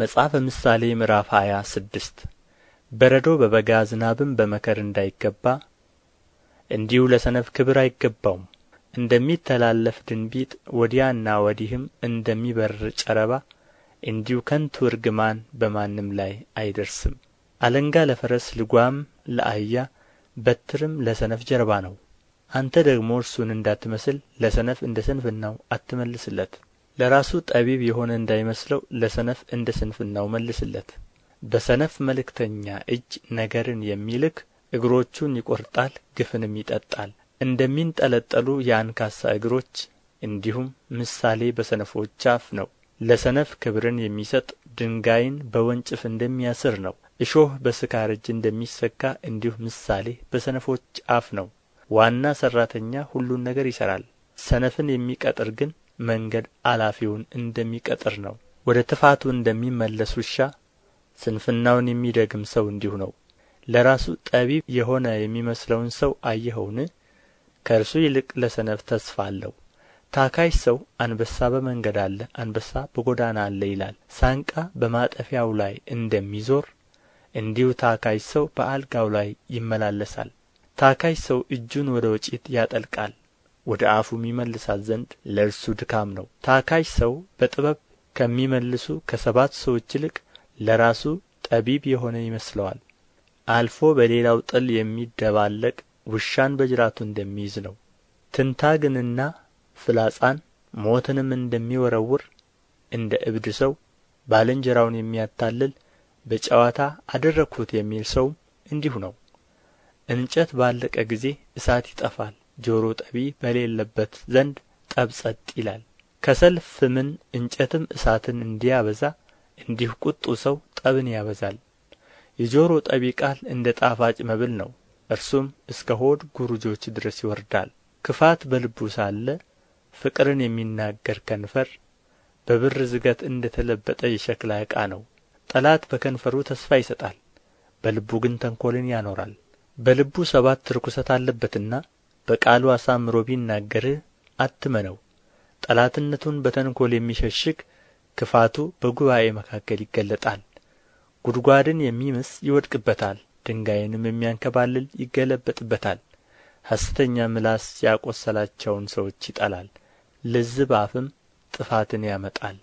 መጽሐፈ ምሳሌ ምዕራፍ ሃያ ስድስት በረዶ በበጋ ዝናብም በመከር እንዳይገባ እንዲሁ ለሰነፍ ክብር አይገባውም። እንደሚተላለፍ ድንቢጥ ወዲያና ወዲህም እንደሚበር ጨረባ እንዲሁ ከንቱ እርግማን በማንም ላይ አይደርስም። አለንጋ ለፈረስ ልጓም ለአህያ በትርም ለሰነፍ ጀርባ ነው። አንተ ደግሞ እርሱን እንዳትመስል ለሰነፍ እንደ ስንፍናው አትመልስለት። ለራሱ ጠቢብ የሆነ እንዳይመስለው ለሰነፍ እንደ ስንፍናው መልስለት በሰነፍ መልእክተኛ እጅ ነገርን የሚልክ እግሮቹን ይቈርጣል ግፍንም ይጠጣል እንደሚንጠለጠሉ የአንካሳ እግሮች እንዲሁም ምሳሌ በሰነፎች አፍ ነው ለሰነፍ ክብርን የሚሰጥ ድንጋይን በወንጭፍ እንደሚያስር ነው እሾህ በስካር እጅ እንደሚሰካ እንዲሁ ምሳሌ በሰነፎች አፍ ነው ዋና ሠራተኛ ሁሉን ነገር ይሠራል ሰነፍን የሚቀጥር ግን መንገድ አላፊውን እንደሚቀጥር ነው ወደ ትፋቱ እንደሚመለስ ውሻ ስንፍናውን የሚደግም ሰው እንዲሁ ነው ለራሱ ጠቢብ የሆነ የሚመስለውን ሰው አየኸውን ከእርሱ ይልቅ ለሰነፍ ተስፋ አለው ታካይ ሰው አንበሳ በመንገድ አለ አንበሳ በጎዳና አለ ይላል ሳንቃ በማጠፊያው ላይ እንደሚዞር እንዲሁ ታካይ ሰው በአልጋው ላይ ይመላለሳል ታካይ ሰው እጁን ወደ ወጪት ያጠልቃል ወደ አፉም ይመልሳት ዘንድ ለእርሱ ድካም ነው ታካሽ ሰው በጥበብ ከሚመልሱ ከሰባት ሰዎች ይልቅ ለራሱ ጠቢብ የሆነ ይመስለዋል አልፎ በሌላው ጥል የሚደባለቅ ውሻን በጅራቱ እንደሚይዝ ነው ትንታግንና ፍላጻን ሞትንም እንደሚወረውር እንደ እብድ ሰው ባልንጀራውን የሚያታልል በጨዋታ አደረግሁት የሚል ሰውም እንዲሁ ነው። እንጨት ባለቀ ጊዜ እሳት ይጠፋል፣ ጆሮ ጠቢ በሌለበት ዘንድ ጠብ ጸጥ ይላል ከሰል ፍምን እንጨትም እሳትን እንዲያበዛ እንዲሁ ቁጡ ሰው ጠብን ያበዛል የጆሮ ጠቢ ቃል እንደ ጣፋጭ መብል ነው እርሱም እስከ ሆድ ጉርጆች ድረስ ይወርዳል ክፋት በልቡ ሳለ ፍቅርን የሚናገር ከንፈር በብር ዝገት እንደ ተለበጠ የሸክላ ዕቃ ነው። ጠላት በከንፈሩ ተስፋ ይሰጣል፣ በልቡ ግን ተንኰልን ያኖራል። በልቡ ሰባት ርኵሰት አለበትና በቃሉ አሳምሮ ቢናገርህ አትመነው ጠላትነቱን በተንኰል የሚሸሽግ ክፋቱ በጉባኤ መካከል ይገለጣል ጉድጓድን የሚምስ ይወድቅበታል ድንጋይንም የሚያንከባልል ይገለበጥበታል ሐሰተኛ ምላስ ያቈሰላቸውን ሰዎች ይጠላል ልዝብ አፍም ጥፋትን ያመጣል